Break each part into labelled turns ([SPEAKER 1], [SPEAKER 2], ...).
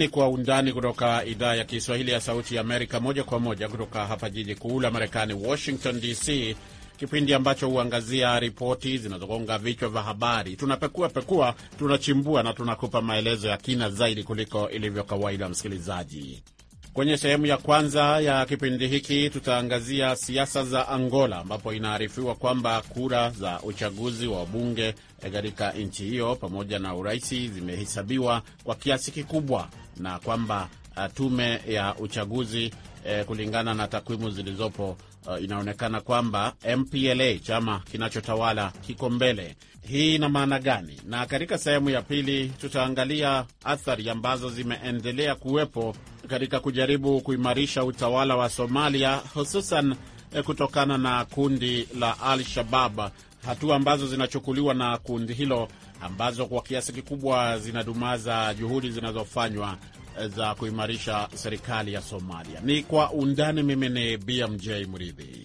[SPEAKER 1] ni Kwa Undani kutoka idhaa ya Kiswahili ya Sauti ya Amerika, moja kwa moja kutoka hapa jiji kuu la Marekani, Washington DC, kipindi ambacho huangazia ripoti zinazogonga vichwa vya habari. Tunapekua pekua, tunachimbua na tunakupa maelezo ya kina zaidi kuliko ilivyo kawaida, msikilizaji. Kwenye sehemu ya kwanza ya kipindi hiki tutaangazia siasa za Angola, ambapo inaarifiwa kwamba kura za uchaguzi wa bunge eh, katika nchi hiyo pamoja na uraisi zimehesabiwa kwa kiasi kikubwa na kwamba eh, tume ya uchaguzi eh, kulingana na takwimu zilizopo, uh, inaonekana kwamba MPLA chama kinachotawala kiko mbele hii ina maana gani? Na katika sehemu ya pili tutaangalia athari ambazo zimeendelea kuwepo katika kujaribu kuimarisha utawala wa Somalia, hususan eh, kutokana na kundi la Al-Shabab, hatua ambazo zinachukuliwa na kundi hilo ambazo kwa kiasi kikubwa zinadumaza juhudi zinazofanywa eh, za kuimarisha serikali ya Somalia. Ni kwa undani. Mimi ni BMJ Mridhi.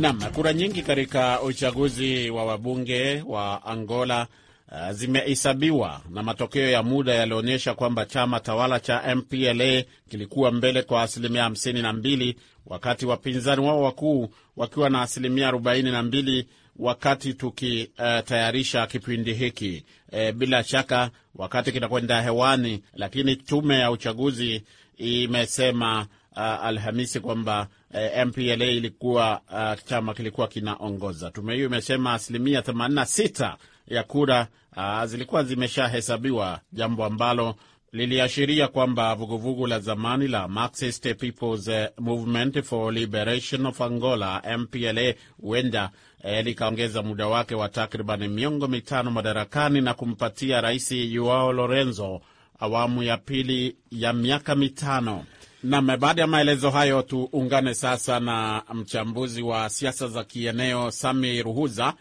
[SPEAKER 1] Naam, kura nyingi katika uchaguzi wa wabunge wa Angola uh, zimehesabiwa na matokeo ya muda yalionyesha kwamba chama tawala cha MPLA kilikuwa mbele kwa asilimia 52 na mbili wakati wapinzani wao wakuu wakiwa na asilimia 42 wakati tukitayarisha uh, kipindi hiki e, bila shaka wakati kinakwenda hewani, lakini tume ya uchaguzi imesema uh, Alhamisi kwamba uh, MPLA ilikuwa uh, chama kilikuwa kinaongoza. Tume hiyo imesema asilimia 86 ya kura uh, zilikuwa zimeshahesabiwa, jambo ambalo liliashiria kwamba vuguvugu la zamani la Marxist People's uh, Movement for Liberation of Angola MPLA huenda eh, likaongeza muda wake wa takriban miongo mitano madarakani na kumpatia Rais Joao Lorenzo awamu ya pili ya miaka mitano. Nam, baada ya maelezo hayo, tuungane sasa na mchambuzi wa siasa za kieneo Sami Ruhuza.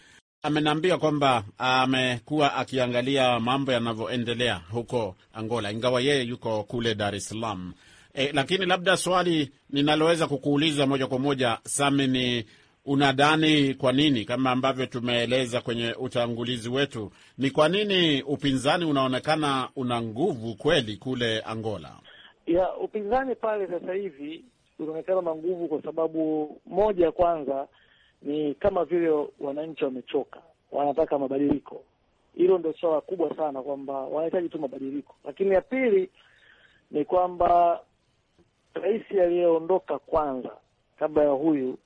[SPEAKER 1] Ameniambia kwamba amekuwa akiangalia mambo yanavyoendelea huko Angola, ingawa yeye yuko kule Dar es Salaam. E, lakini labda swali ninaloweza kukuuliza moja kwa moja Sami ni unadhani kwa nini, kama ambavyo tumeeleza kwenye utangulizi wetu, ni kwa nini upinzani unaonekana una nguvu kweli kule Angola?
[SPEAKER 2] ya upinzani pale sasa hivi unaonekana nguvu kwa sababu moja ya kwanza ni kama vile wananchi wamechoka, wanataka mabadiliko. Hilo ndio swala kubwa sana, kwamba wanahitaji tu mabadiliko. Lakini ya pili ni kwamba rais aliyeondoka kwanza kabla ya huyu,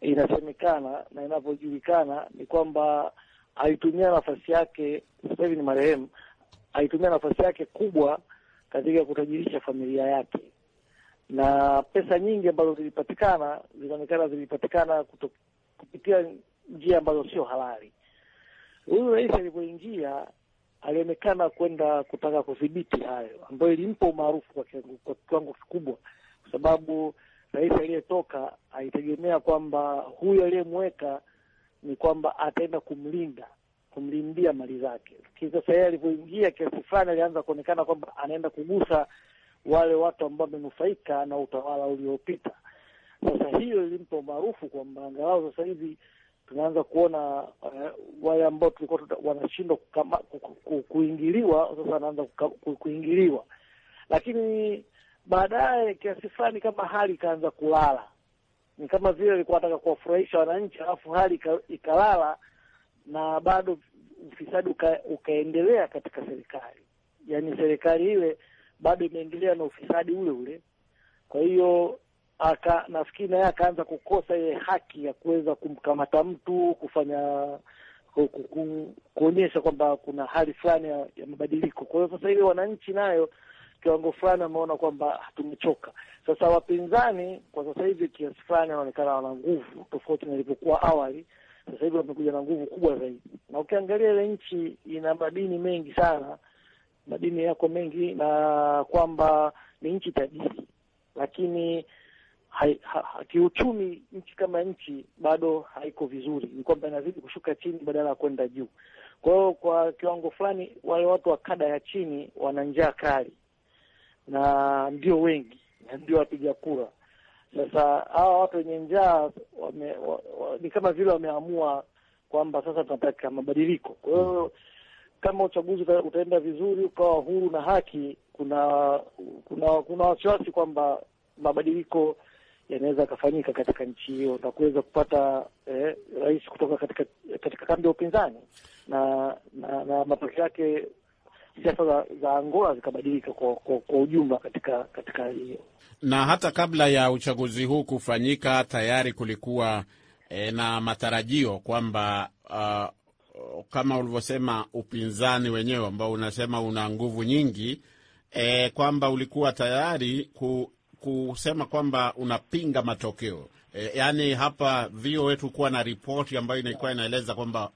[SPEAKER 2] inasemekana na inavyojulikana ni kwamba alitumia nafasi yake, sasa hivi ni marehemu, alitumia nafasi yake kubwa katika kutajirisha familia yake, na pesa nyingi ambazo zilipatikana zinaonekana zilipatikana kuto, kupitia njia ambazo sio halali. Huyu rais alipoingia alionekana kwenda kutaka kudhibiti hayo, ambayo ilimpa umaarufu kwa kiwango kikubwa, kwa sababu rais aliyetoka alitegemea kwamba huyu aliyemweka ni kwamba ataenda kumlinda kumlindia mali zake. Sasa yeye alivyoingia kiasi fulani alianza kuonekana kwamba anaenda kugusa wale watu ambao wamenufaika na utawala uliopita. Sasa hiyo ilimpa umaarufu kwamba angalau sasa hivi tunaanza kuona uh, wale ambao tulikuwa wanashindwa kuingiliwa sasa wanaanza kuingiliwa, lakini
[SPEAKER 1] baadaye
[SPEAKER 2] kiasi fulani kama hali ikaanza kulala, ni kama vile alikuwa anataka kuwafurahisha wananchi, alafu hali ikalala na bado ufisadi uka, ukaendelea katika serikali, yaani serikali ile bado imeendelea na ufisadi ule ule. Kwa hiyo aka nafikiri naye akaanza kukosa ile haki ya kuweza kumkamata mtu kufanya kuonyesha kwamba kuna hali fulani ya, ya mabadiliko. Kwa hiyo sasa hivi wananchi nayo kiwango fulani wameona kwamba tumechoka sasa. Wapinzani kwa sasa hivi kiasi fulani wanaonekana wana nguvu tofauti na ilivyokuwa awali sasa hivi wamekuja na nguvu kubwa zaidi, na ukiangalia ile nchi ina madini mengi sana, madini yako mengi, na kwamba ni nchi tajiri, lakini hai, ha, ha, kiuchumi nchi kama nchi bado haiko vizuri, ni kwamba inazidi kushuka chini badala ya kwenda juu. Kwa hiyo kwa kiwango fulani wale watu wa kada ya chini wana njaa kali, na ndio wengi na ndio wapiga kura sasa hawa watu wenye njaa ni kama vile wameamua kwamba sasa tunataka mabadiliko. Kwa hiyo kama uchaguzi utaenda vizuri, ukawa huru na haki, kuna kuna kuna wasiwasi kwamba mabadiliko yanaweza yakafanyika katika nchi hiyo na kuweza kupata eh, rais kutoka katika katika kambi ya upinzani na na, na matokeo yake siasa za, za Angola zikabadilika kwa, kwa, kwa ujumla katika katika hali hiyo.
[SPEAKER 1] Na hata kabla ya uchaguzi huu kufanyika tayari kulikuwa e, na matarajio kwamba uh, kama ulivyosema upinzani wenyewe ambao unasema una nguvu nyingi e, kwamba ulikuwa tayari ku, kusema kwamba unapinga matokeo e, yaani hapa wetu kuwa na ripoti ambayo ilikuwa inaeleza kwamba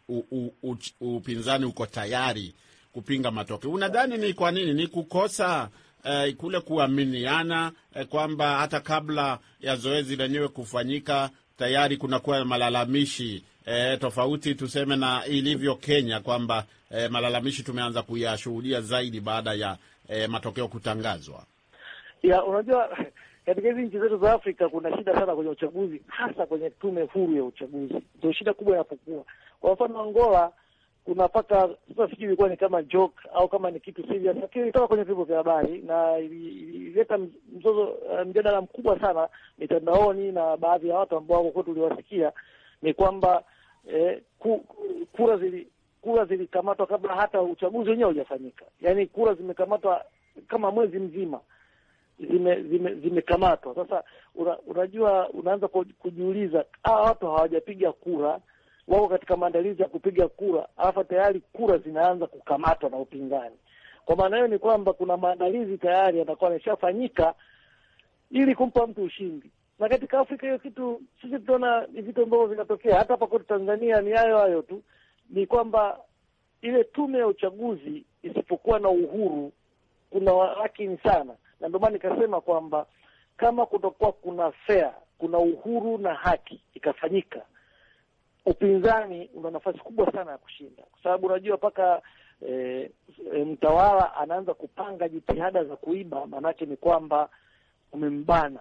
[SPEAKER 1] upinzani uko tayari kupinga matokeo. Unadhani ni kwa nini? Ni kukosa eh, kule kuaminiana eh, kwamba hata kabla ya zoezi lenyewe kufanyika tayari kunakuwa malalamishi eh, tofauti tuseme na ilivyo Kenya kwamba eh, malalamishi tumeanza kuyashuhudia zaidi baada ya eh, matokeo kutangazwa.
[SPEAKER 2] Ya, unajua katika hizi nchi zetu za Afrika kuna shida sana kwenye uchaguzi, hasa kwenye tume huru ya uchaguzi, ndio shida kubwa inapokuwa. Kwa mfano Angola unapata sasa, sijui ilikuwa ni kama joke au kama ni kitu serious, lakini ilitoka kwenye vyombo vya habari na ilileta mzozo, eh, mjadala mkubwa sana mitandaoni na baadhi ya watu ambao wako kwetu uliwasikia ni kwamba eh, ku, kura zili kura zilikamatwa kabla hata uchaguzi wenyewe hujafanyika. Yani kura zimekamatwa kama mwezi mzima zimekamatwa zime, zime sasa. Una, unajua unaanza kujiuliza hawa watu hawajapiga kura wako katika maandalizi ya kupiga kura, alafu tayari kura zinaanza kukamatwa na upinzani. Kwa maana hiyo ni kwamba kuna maandalizi tayari yanakuwa yameshafanyika ili kumpa mtu ushindi, na katika Afrika hiyo kitu sisi tunaona ni vitu ambavyo vinatokea hata hapa kwetu Tanzania. Ni hayo hayo tu, ni kwamba ile tume ya uchaguzi isipokuwa na uhuru, kuna walakini sana, na ndio maana nikasema kwamba kama kutokuwa kuna fair, kuna uhuru na haki ikafanyika upinzani una nafasi kubwa sana ya kushinda, kwa sababu unajua mpaka e, e, mtawala anaanza kupanga jitihada za kuiba, maanake ni kwamba umembana.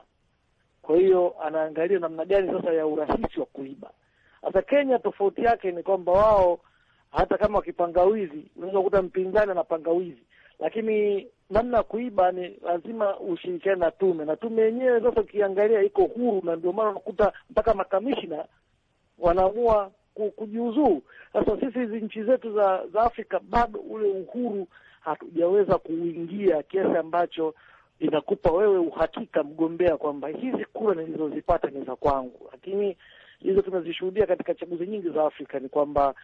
[SPEAKER 2] Kwa hiyo anaangalia namna gani sasa ya urahisi wa kuiba. hasa Kenya tofauti yake ni kwamba wao hata kama wakipanga wizi, unaweza kukuta mpinzani anapanga wizi, lakini namna ya kuiba ni lazima ushirikiane na tume, na tume yenyewe sasa ukiangalia iko huru, na ndio maana unakuta mpaka makamishna wanaamua kujiuzuru. Sasa sisi hizi nchi zetu za, za Afrika bado ule uhuru hatujaweza kuuingia kiasi ambacho inakupa wewe uhakika mgombea kwamba hizi kura nilizozipata ni za kwangu. Lakini hizo tunazishuhudia katika chaguzi nyingi za Afrika ni kwamba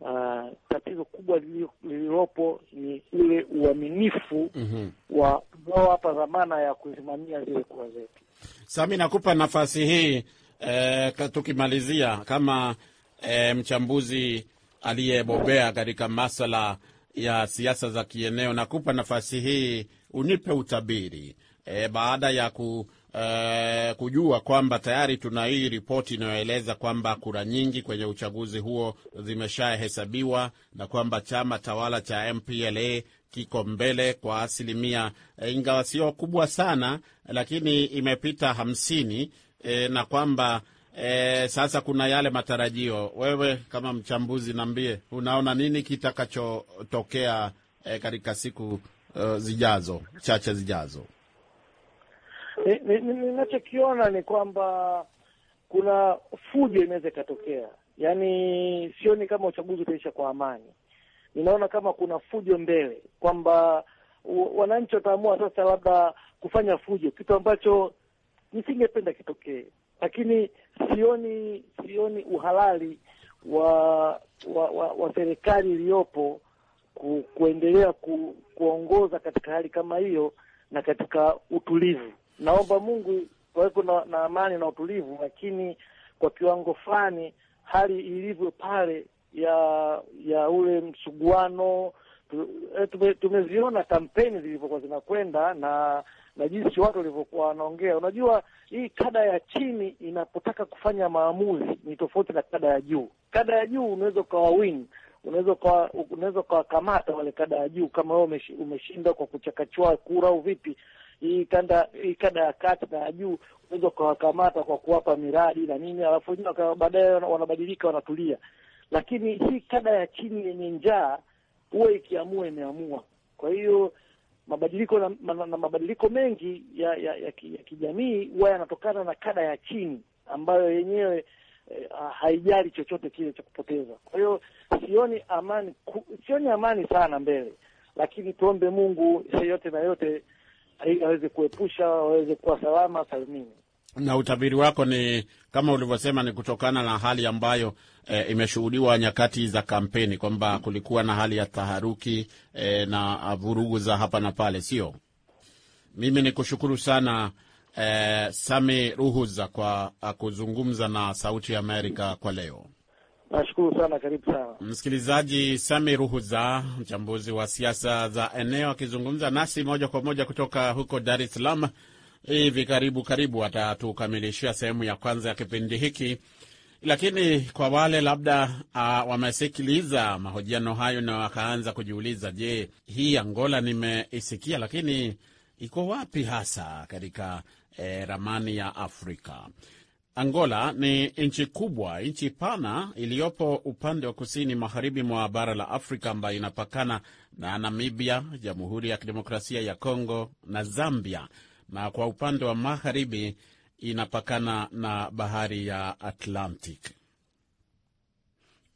[SPEAKER 2] uh, tatizo kubwa lililopo ni ule
[SPEAKER 1] uaminifu mm
[SPEAKER 2] -hmm. wa unaowapa dhamana ya kusimamia zile kura zetu.
[SPEAKER 1] Sami, nakupa nafasi hii Eh, tukimalizia kama eh, mchambuzi aliyebobea katika masala ya siasa za kieneo, nakupa nafasi hii unipe utabiri e, baada ya ku Uh, kujua kwamba tayari tuna hii ripoti inayoeleza kwamba kura nyingi kwenye uchaguzi huo zimeshahesabiwa na kwamba chama tawala cha MPLA kiko mbele kwa asilimia, eh, ingawa sio kubwa sana, lakini imepita hamsini e, na kwamba e, sasa kuna yale matarajio. Wewe kama mchambuzi, niambie unaona nini kitakachotokea e, katika siku e, zijazo chache zijazo?
[SPEAKER 2] Ninachokiona ni, ni, ni kwamba kuna fujo inaweza ikatokea, yaani sioni kama uchaguzi utaisha kwa amani. Ninaona kama kuna fujo mbele, kwamba wananchi wataamua sasa labda kufanya fujo, kitu ambacho nisingependa kitokee, lakini sioni sioni uhalali wa wa, wa, wa serikali iliyopo ku, kuendelea ku, kuongoza katika hali kama hiyo na katika utulivu. Naomba Mungu waweko na, na amani na utulivu, lakini kwa kiwango fulani hali ilivyo pale ya ya ule msuguano eh, tume, tumeziona kampeni zilivyokuwa zinakwenda na na jinsi watu walivyokuwa wanaongea. Unajua, hii kada ya chini inapotaka kufanya maamuzi ni tofauti na kada ya juu. Kada ya juu unaweza ukawa win, unaweza ukawa unaweza ukawakamata wale kada ya juu, kama wewe umeshinda kwa kuchakachua kura au vipi. Hii kanda hii kada ya kati na ya juu unaweza ukawakamata kwa kuwapa miradi na nini, alafu wenyewe baadaye wanabadilika, wanatulia. Lakini hii kada ya chini yenye njaa huwa ikiamua imeamua, kwa hiyo mabadiliko na, na, na mabadiliko mengi ya ya, ya, ya kijamii huwa yanatokana na kada ya chini ambayo yenyewe eh, haijali chochote kile cha kupoteza. Kwa hiyo sioni amani ku, sioni amani sana mbele, lakini tuombe Mungu yeyote na yote aweze kuepusha waweze kuwa salama salimini
[SPEAKER 1] na utabiri wako ni kama ulivyosema, ni kutokana na hali ambayo e, imeshuhudiwa nyakati za kampeni kwamba kulikuwa na hali ya taharuki e, na ah, vurugu za hapa na pale, sio? Mimi ni kushukuru sana e, Sami Ruhuza kwa ah, kuzungumza na Sauti ya Amerika kwa leo. Nashukuru sana, karibu sana msikilizaji. Sami Ruhuza, mchambuzi wa siasa za eneo, akizungumza nasi moja kwa moja kutoka huko Dar es Salaam hivi karibu karibu atatukamilishia sehemu ya kwanza ya kipindi hiki, lakini kwa wale labda uh, wamesikiliza mahojiano hayo na wakaanza kujiuliza, je, hii Angola nimeisikia, lakini iko wapi hasa katika eh, ramani ya Afrika? Angola ni nchi kubwa, nchi pana iliyopo upande wa kusini magharibi mwa bara la Afrika, ambayo inapakana na Namibia, Jamhuri ya Kidemokrasia ya congo na Zambia, na kwa upande wa magharibi inapakana na bahari ya Atlantic.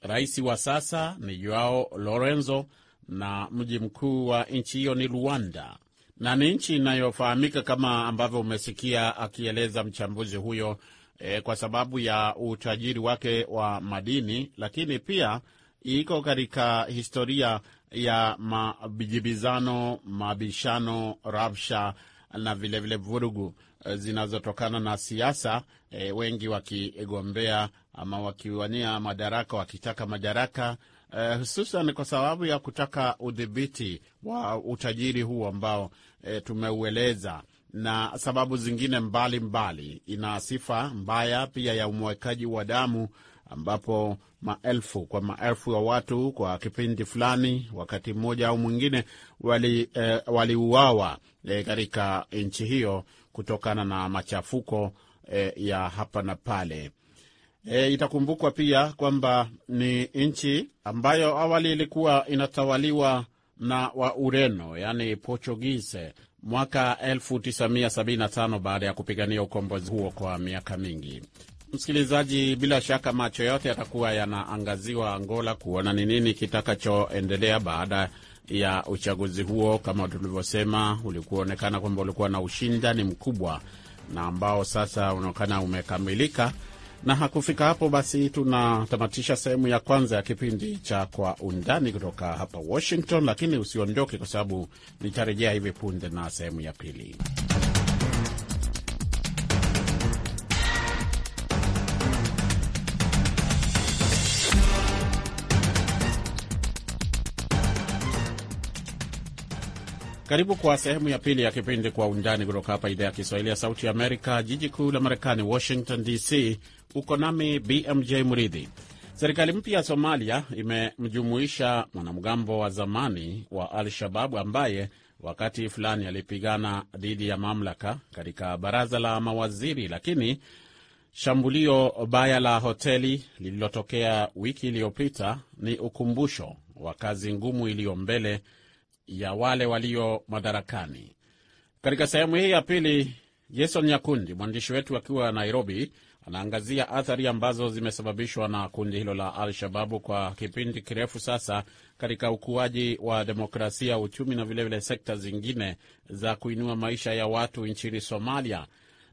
[SPEAKER 1] Rais wa sasa ni Joao Lorenzo na mji mkuu wa nchi hiyo ni Luanda, na ni nchi inayofahamika kama ambavyo umesikia akieleza mchambuzi huyo e, kwa sababu ya utajiri wake wa madini, lakini pia iko katika historia ya mabijibizano mabishano, rabsha na vilevile vile vurugu eh, zinazotokana na siasa, e, wengi wakigombea ama wakiwania madaraka, wakitaka madaraka e, hususan kwa sababu ya kutaka udhibiti wa utajiri huu ambao e, tumeueleza na sababu zingine mbalimbali mbali. Ina sifa mbaya pia ya umwekaji wa damu ambapo maelfu kwa maelfu ya watu kwa kipindi fulani, wakati mmoja au mwingine, eh, waliuawa eh, wali katika eh, nchi hiyo kutokana na machafuko eh, ya hapa na pale. E, itakumbukwa pia kwamba ni nchi ambayo awali ilikuwa inatawaliwa na wa Ureno yani Portuguese mwaka 1975 baada ya kupigania ukombozi huo kwa miaka mingi. Msikilizaji, bila shaka macho yote yatakuwa yanaangaziwa Angola kuona ni nini kitakachoendelea baada ya uchaguzi huo. Kama tulivyosema, ulikuonekana kwamba ulikuwa na ushindani mkubwa na ambao sasa unaonekana umekamilika. Na hakufika hapo, basi tunatamatisha sehemu ya kwanza ya kipindi cha Kwa Undani kutoka hapa Washington, lakini usiondoke, kwa sababu nitarejea hivi punde na sehemu ya pili. Karibu kwa sehemu ya pili ya kipindi Kwa Undani kutoka hapa idhaa ya Kiswahili ya Sauti ya Amerika, jiji kuu la Marekani, Washington DC. Uko nami BMJ Mridhi. Serikali mpya ya Somalia imemjumuisha mwanamgambo wa zamani wa Al-Shababu ambaye wakati fulani alipigana dhidi ya mamlaka katika baraza la mawaziri, lakini shambulio baya la hoteli lililotokea wiki iliyopita ni ukumbusho wa kazi ngumu iliyo mbele ya wale walio madarakani. Katika sehemu hii ya pili, Jason Nyakundi, mwandishi wetu akiwa Nairobi, anaangazia athari ambazo zimesababishwa na kundi hilo la Al-Shababu kwa kipindi kirefu sasa katika ukuaji wa demokrasia, uchumi na vilevile sekta zingine za kuinua maisha ya watu nchini Somalia,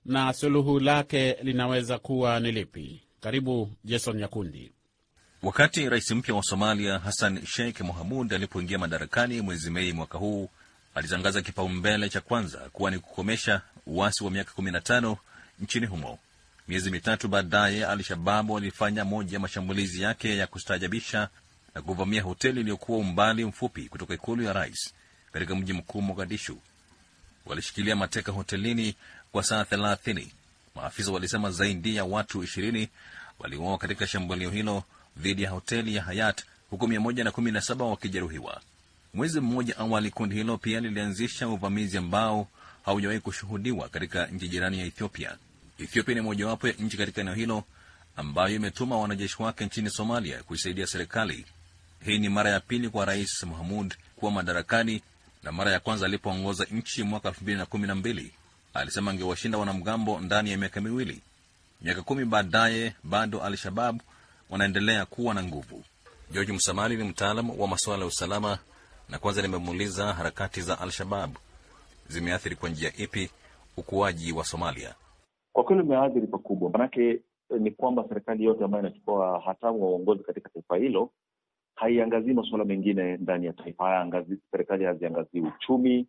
[SPEAKER 1] na suluhu lake linaweza kuwa ni lipi? Karibu Jason Nyakundi. Wakati
[SPEAKER 3] rais mpya wa Somalia Hassan Sheikh Mohamud alipoingia madarakani mwezi Mei mwaka huu, alitangaza kipaumbele cha kwanza kuwa ni kukomesha uasi wa miaka 15 nchini humo. Miezi mitatu baadaye, Al-Shababu walifanya moja ya mashambulizi yake ya kustaajabisha na kuvamia hoteli iliyokuwa umbali mfupi kutoka ikulu ya rais katika mji mkuu Mogadishu. Walishikilia mateka hotelini kwa saa thelathini. Maafisa walisema zaidi ya watu ishirini waliuawa katika shambulio hilo dhidi ya hoteli ya Hayat, huku 117 wakijeruhiwa. Mwezi mmoja awali, kundi hilo pia lilianzisha uvamizi ambao haujawahi kushuhudiwa katika nchi jirani ya Ethiopia. Ethiopia ni mojawapo ya nchi katika eneo hilo ambayo imetuma wanajeshi wake nchini Somalia kuisaidia serikali. Hii ni mara ya pili kwa Rais Mahmud kuwa madarakani, na mara ya kwanza alipoongoza nchi mwaka 2012 alisema angewashinda wanamgambo ndani ya miaka miwili. Miaka kumi baadaye, bado Al-Shabab wanaendelea kuwa na nguvu. George Msamali ni mtaalam wa masuala ya usalama, na kwanza nimemuuliza harakati za Al-Shabab zimeathiri kwa njia ipi ukuaji wa Somalia?
[SPEAKER 4] Kwa kweli umeathiri pakubwa, manake eh, ni kwamba serikali yote ambayo inachukua hatamu wa uongozi katika taifa hilo haiangazii masuala mengine ndani ya taifa. serikali haziangazii uchumi,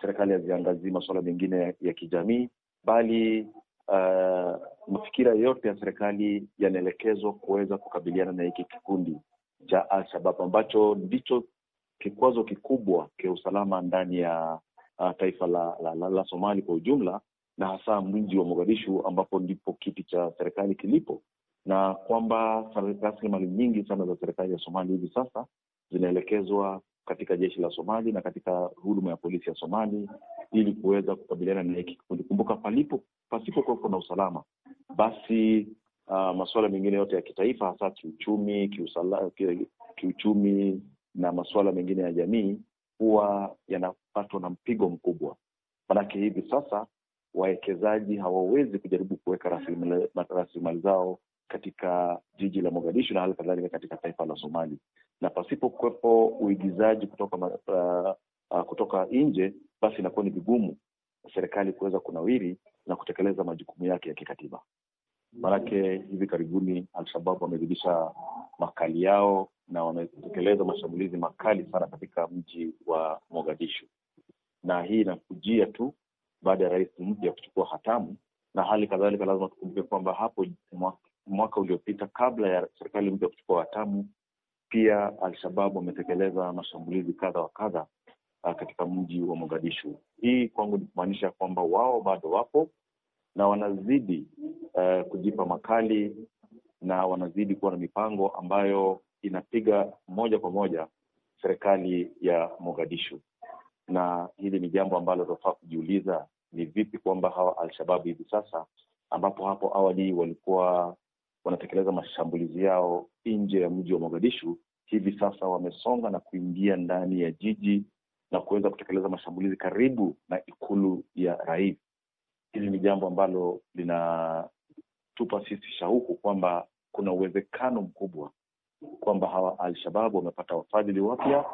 [SPEAKER 4] serikali haziangazii masuala mengine ya kijamii, bali uh, mafikira yote ya serikali yanaelekezwa kuweza kukabiliana na hiki kikundi cha ja al ambacho ndicho kikwazo kikubwa kia usalama ndani ya uh, taifa la, la, la, la Somali kwa ujumla na hasa mji wa Mogadishu ambapo ndipo kiti cha serikali kilipo, na kwamba rasilimali nyingi sana za serikali ya Somali hivi sasa zinaelekezwa katika jeshi la Somali na katika huduma ya polisi ya Somali ili kuweza kukabiliana na hiki kikundi. Kumbuka, palipo pasipo kuwepo na usalama, basi uh, masuala mengine yote ya kitaifa, hasa kiuchumi, kiusala, ki, kiuchumi na masuala mengine ya jamii huwa yanapatwa na mpigo mkubwa, manake hivi sasa wawekezaji hawawezi kujaribu kuweka rasilimali zao katika jiji la Mogadishu na hali kadhalika katika taifa la Somali, na pasipo kuwepo uigizaji kutoka uh, uh, kutoka nje, basi inakuwa ni vigumu serikali kuweza kunawiri na kutekeleza majukumu yake ya kikatiba. Maanake hivi karibuni Alshababu wamezidisha makali yao na wametekeleza mashambulizi makali sana katika mji wa Mogadishu, na hii inakujia tu baada ya rais mpya kuchukua hatamu, na hali kadhalika lazima tukumbuke kwamba hapo mwaka mwaka uliopita kabla ya serikali mpya kuchukua hatamu. Pia Alshababu wametekeleza mashambulizi kadha wa kadha uh, katika mji wa Mogadishu. Hii kwangu ni kumaanisha kwamba wao bado wapo na wanazidi uh, kujipa makali na wanazidi kuwa na mipango ambayo inapiga moja kwa moja serikali ya Mogadishu, na hili ni jambo ambalo tunafaa kujiuliza, ni vipi kwamba hawa Alshababu hivi sasa ambapo hapo awali walikuwa wanatekeleza mashambulizi yao nje ya mji wa Mogadishu, hivi sasa wamesonga na kuingia ndani ya jiji na kuweza kutekeleza mashambulizi karibu na ikulu ya rais. Hili ni jambo ambalo linatupa sisi shauku kwamba kuna uwezekano mkubwa kwamba hawa Al-Shabab wamepata wafadhili wapya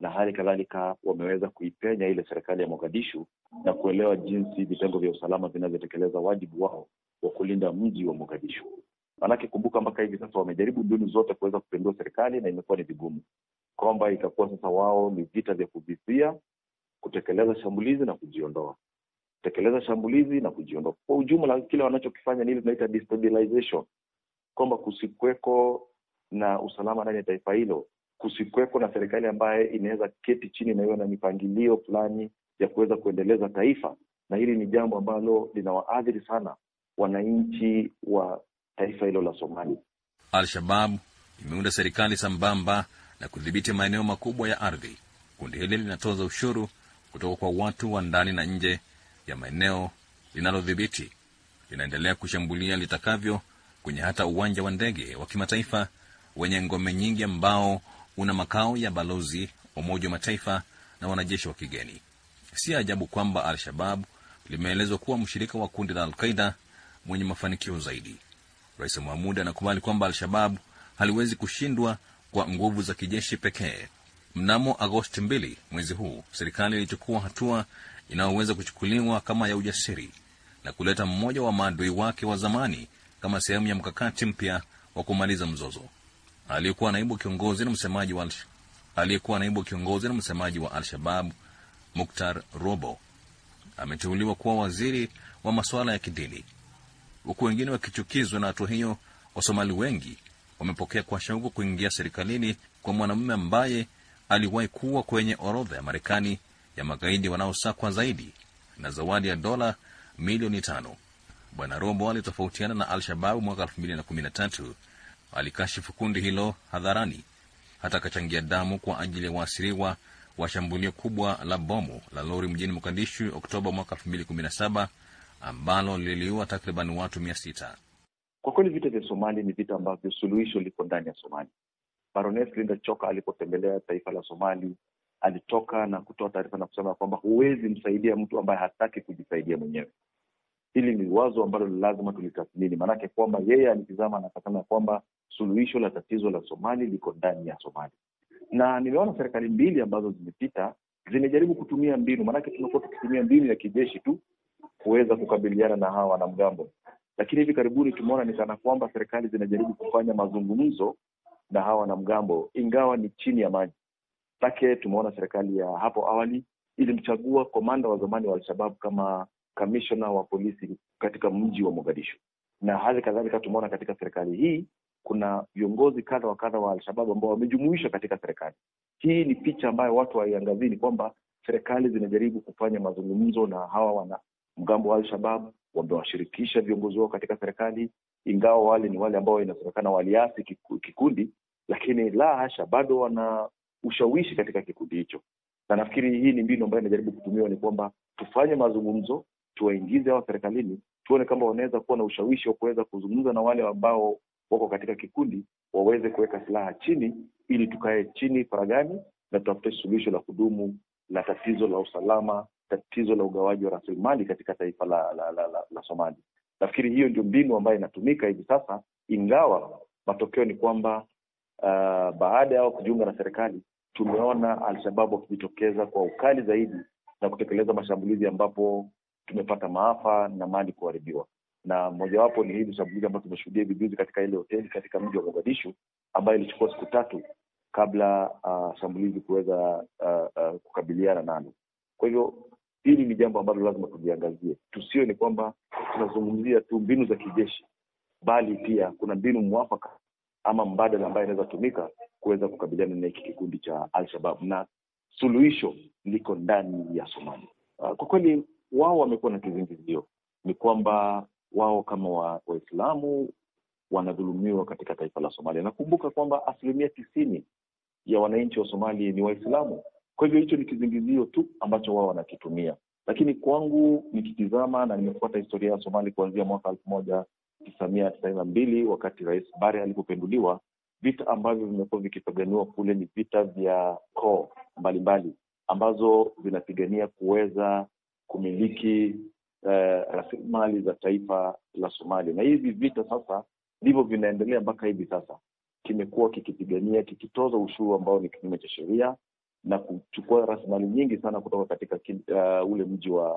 [SPEAKER 4] na hali kadhalika wameweza kuipenya ile serikali ya Mogadishu na kuelewa jinsi vitengo vya usalama vinavyotekeleza wajibu wao wa kulinda mji wa Mogadishu. Maanake kumbuka, mpaka hivi sasa wamejaribu mbinu zote kuweza kupindua serikali na imekuwa ni vigumu, kwamba itakuwa sasa wao ni vita vya kuvizia, kutekeleza shambulizi na kujiondoa, kutekeleza shambulizi na kujiondoa. Kwa ujumla, kile wanachokifanya ni ile tunaita destabilization, kwamba kusikweko na usalama ndani ya taifa hilo, kusikweko na serikali ambaye inaweza keti chini na iwe na mipangilio fulani ya kuweza kuendeleza taifa, na hili ni jambo ambalo linawaathiri sana wananchi wa taifa hilo la Somalia.
[SPEAKER 3] Al-Shabab imeunda serikali sambamba na kudhibiti maeneo makubwa ya ardhi. Kundi hili linatoza ushuru kutoka kwa watu wa ndani na nje ya maeneo linalodhibiti. Linaendelea kushambulia litakavyo kwenye hata uwanja wa ndege wa kimataifa wenye ngome nyingi ambao una makao ya balozi Umoja wa Mataifa na wanajeshi wa kigeni. Si ajabu kwamba Al-Shabab limeelezwa kuwa mshirika wa kundi la Al-Qaida mwenye mafanikio zaidi. Rais Mahmud anakubali kwamba Al-Shabab haliwezi kushindwa kwa nguvu za kijeshi pekee. Mnamo Agosti mbili mwezi huu, serikali ilichukua hatua inayoweza kuchukuliwa kama ya ujasiri na kuleta mmoja wa maadui wake wa zamani kama sehemu ya mkakati mpya wa kumaliza mzozo. Aliyekuwa naibu kiongozi na msemaji wa aliyekuwa naibu kiongozi na msemaji wa Al-Shabab Muktar Robo ameteuliwa kuwa waziri wa masuala ya kidini huku wengine wakichukizwa na hatua hiyo. Wasomali wengi wamepokea kwa shauku kuingia serikalini kwa mwanamume ambaye aliwahi kuwa kwenye orodha ya Marekani ya magaidi wanaosakwa zaidi na zawadi ya dola milioni tano. Bwana Robo alitofautiana na Al-Shababu mwaka 2013. Alikashifu kundi hilo hadharani, hata akachangia damu kwa ajili ya waasiriwa wa shambulio kubwa la bomu la lori mjini Mogadishu Oktoba mwaka ambalo liliua takriban watu mia sita.
[SPEAKER 4] Kwa kweli vita vya somali ni vita ambavyo suluhisho liko ndani ya somali Baroness Linda Choka alipotembelea taifa la Somali alitoka na kutoa taarifa na kusema kwamba huwezi msaidia mtu ambaye hataki kujisaidia mwenyewe. Hili ni wazo ambalo lazima tulitathmini, maanake kwamba yeye alitizama na akasema kwamba suluhisho la tatizo la Somali liko ndani ya Somali. Na nimeona serikali mbili ambazo zimepita zimejaribu kutumia mbinu, maanake tumekuwa tukitumia mbinu ya kijeshi tu kuweza kukabiliana na hawa wanamgambo. Lakini hivi karibuni tumeona ni kana kwamba serikali zinajaribu kufanya mazungumzo na hawa wanamgambo, ingawa ni chini ya maji take. Tumeona serikali ya hapo awali ilimchagua komanda wa zamani wa Alshabab kama kamishona wa polisi katika mji wa Mogadishu, na hali kadhalika tumeona katika serikali hii kuna viongozi kadha wa kadha wa Alshababu ambao wamejumuishwa katika serikali hii. Ni picha ambayo watu waiangazii ni kwamba serikali zinajaribu kufanya mazungumzo na hawa wana mgambo wa Al-Shabab wamewashirikisha viongozi wao katika serikali, ingawa wale ni wale ambao inasemekana waliasi kikundi, lakini la hasha, bado wana ushawishi katika kikundi hicho, na nafikiri hii ni mbinu ambayo inajaribu kutumiwa, ni kwamba tufanye mazungumzo, tuwaingize hawa serikalini, tuone kama wanaweza kuwa na ushawishi wa kuweza kuzungumza na wale ambao wako katika kikundi, waweze kuweka silaha chini, ili tukae chini faragani na tutafute suluhisho la kudumu la tatizo la usalama tatizo la ugawaji wa rasilimali katika taifa la, la, la, la, la Somali. Nafikiri hiyo ndio mbinu ambayo inatumika hivi sasa, ingawa matokeo ni kwamba uh, baada ya kujiunga na serikali tumeona Alshababu wakijitokeza kwa ukali zaidi na kutekeleza mashambulizi ambapo tumepata maafa na mali kuharibiwa, na mojawapo ni hili shambulizi ambayo tumeshuhudia hivi juzi katika ile hoteli katika mji wa Mogadishu ambayo ilichukua siku tatu kabla uh, shambulizi kuweza uh, uh, kukabiliana nalo. Kwa hivyo Hili ni jambo ambalo lazima tuliangazie, tusio ni kwamba tunazungumzia tu mbinu za kijeshi, bali pia kuna mbinu mwafaka ama mbadala ambayo inaweza tumika kuweza kukabiliana na hiki kikundi cha Alshabab, na suluhisho liko ndani ya Somalia. Ah, kwa kweli wao wamekuwa na kizingizio, ni kwamba wao kama Waislamu wa wanadhulumiwa katika taifa la Somalia. Nakumbuka kwamba asilimia tisini ya wananchi wa Somalia ni Waislamu kwa hivyo hicho ni kizingizio tu ambacho wao wanakitumia, lakini kwangu nikitizama na nimefuata historia ya Somali kuanzia mwaka elfu moja tisa mia tisaini na mbili wakati Rais Bare alipopenduliwa, vita ambavyo vimekuwa vikipiganiwa kule ni vita vya koo mbalimbali ambazo zinapigania kuweza kumiliki eh, rasilimali za taifa la Somalia, na hivi vita sasa ndivyo vinaendelea mpaka hivi sasa kimekuwa kikipigania kikitoza ushuru ambao ni kinyume cha sheria, na kuchukua rasilimali nyingi sana kutoka katika uh, ule mji wa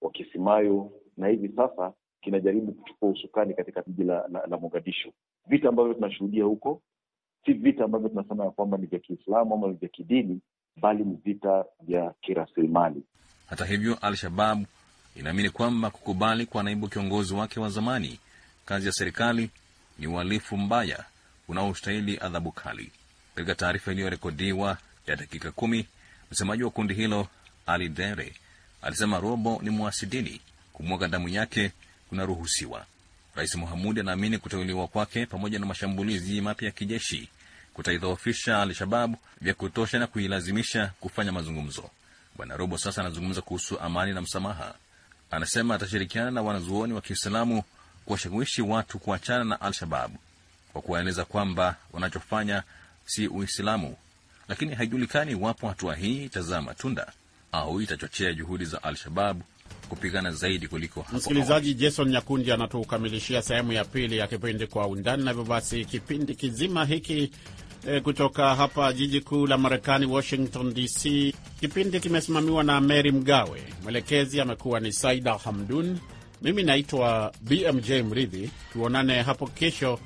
[SPEAKER 4] wa Kisimayo, na hivi sasa kinajaribu kuchukua usukani katika jiji la, la, la Mogadishu. Vita ambavyo tunashuhudia huko si vita ambavyo tunasema ya kwamba ni vya Kiislamu ama ni vya kidini, bali ni vita vya kirasilimali.
[SPEAKER 3] Hata hivyo, Al-Shabab inaamini kwamba kukubali kwa naibu kiongozi wake wa zamani kazi ya serikali ni uhalifu mbaya unaostahili adhabu kali. Katika taarifa iliyorekodiwa ya dakika kumi, msemaji wa kundi hilo Ali Dere alisema Robo ni mwasi dini, kumwaga damu yake kunaruhusiwa. Rais muhamudi anaamini kuteuliwa kwake pamoja na mashambulizi mapya ya kijeshi kutaidhoofisha al shababu vya kutosha na kuilazimisha kufanya mazungumzo. Bwana Robo sasa anazungumza kuhusu amani na msamaha. Anasema atashirikiana na wanazuoni wa Kiislamu kuwashawishi watu kuachana na al shababu kwa kuwaeleza kwamba wanachofanya si Uislamu lakini haijulikani iwapo hatua hii itazaa matunda au itachochea juhudi za Al-Shabab kupigana zaidi kuliko hapo. Msikilizaji
[SPEAKER 1] Jason Nyakundi anatukamilishia sehemu ya pili ya kipindi Kwa Undani, na hivyo basi kipindi kizima hiki e, kutoka hapa jiji kuu la Marekani, Washington DC. Kipindi kimesimamiwa na Mary Mgawe, mwelekezi amekuwa ni Saida Hamdun, mimi naitwa BMJ Mridhi. Tuonane hapo kesho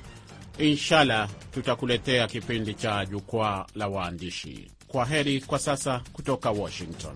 [SPEAKER 1] Inshallah tutakuletea kipindi cha jukwaa la waandishi. Kwa heri kwa sasa kutoka Washington.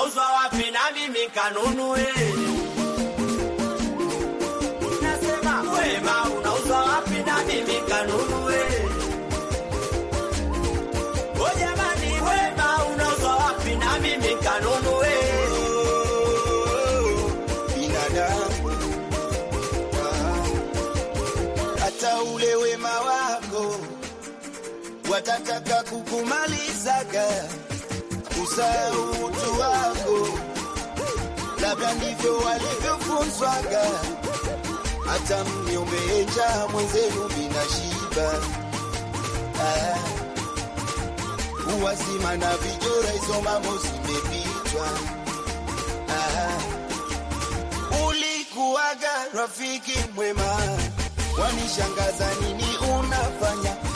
[SPEAKER 5] zinauzwa wapi na mimi kanunue? Nasema wema unauzwa wapi na mimi kanunue? O jamani, wema unauzwa wapi na mimi kanunue? Binadamu hata ule wema wako watataka kukumalizaga kupoteza utu wako labda ndivyo walivyofunzwaga. Hata mniombee njaa mwenzenu mina shiba ah. Uwazima na vijora hizo mambo zimepitwa ah. Ulikuwaga rafiki mwema, wanishangaza nini unafanya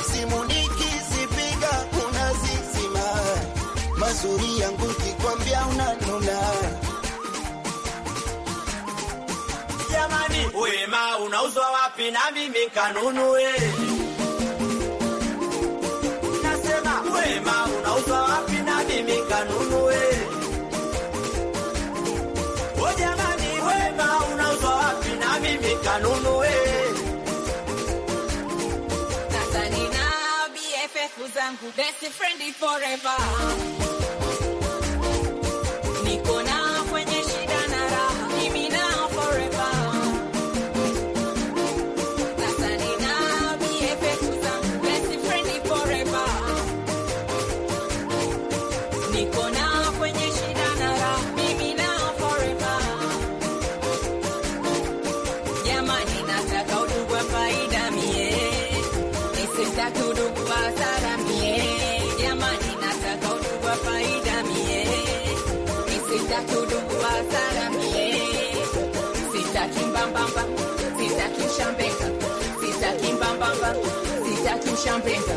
[SPEAKER 5] mazuri yangu kikwambia unanuna jamani, wema unauzwa wapi? Na mimi kanunue, nasema wapi? unauzwa wapi? Na mimi oh, best friend forever mshambeka, sitaki mbambamba, sitaki mshambeka,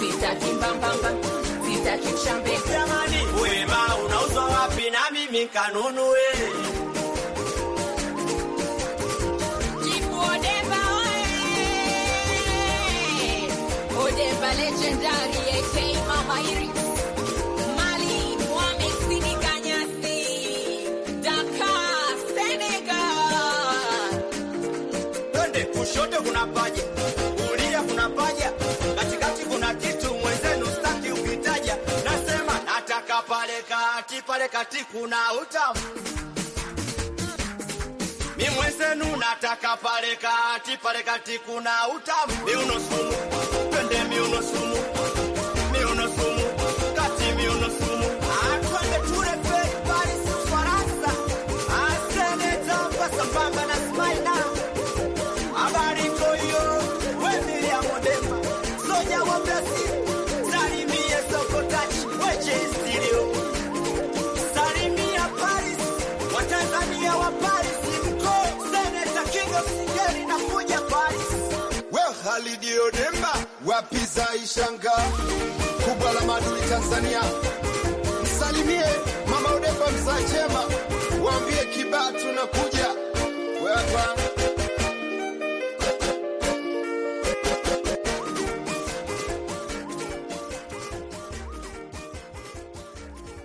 [SPEAKER 5] sitaki mbambamba, sitaki mshambeka. Jamani, wema unauzwa wapi na mimi kanunue? Odemba legendary Kushoto kuna paja, kulia kuna paja, katikati kuna kitu mwenzenu staki ukitaja, nasema nataka pale kati, pale kati kuna utamu. Mi mwenzenu nataka pale kati, pale kati kuna utamu. Miuno sumu, twende miuno sumu Khalid wapiza wapi zaishanga kubwa la madui Tanzania. Msalimie mama Odemba mzaa chema, waambie kibatu na kuja wewe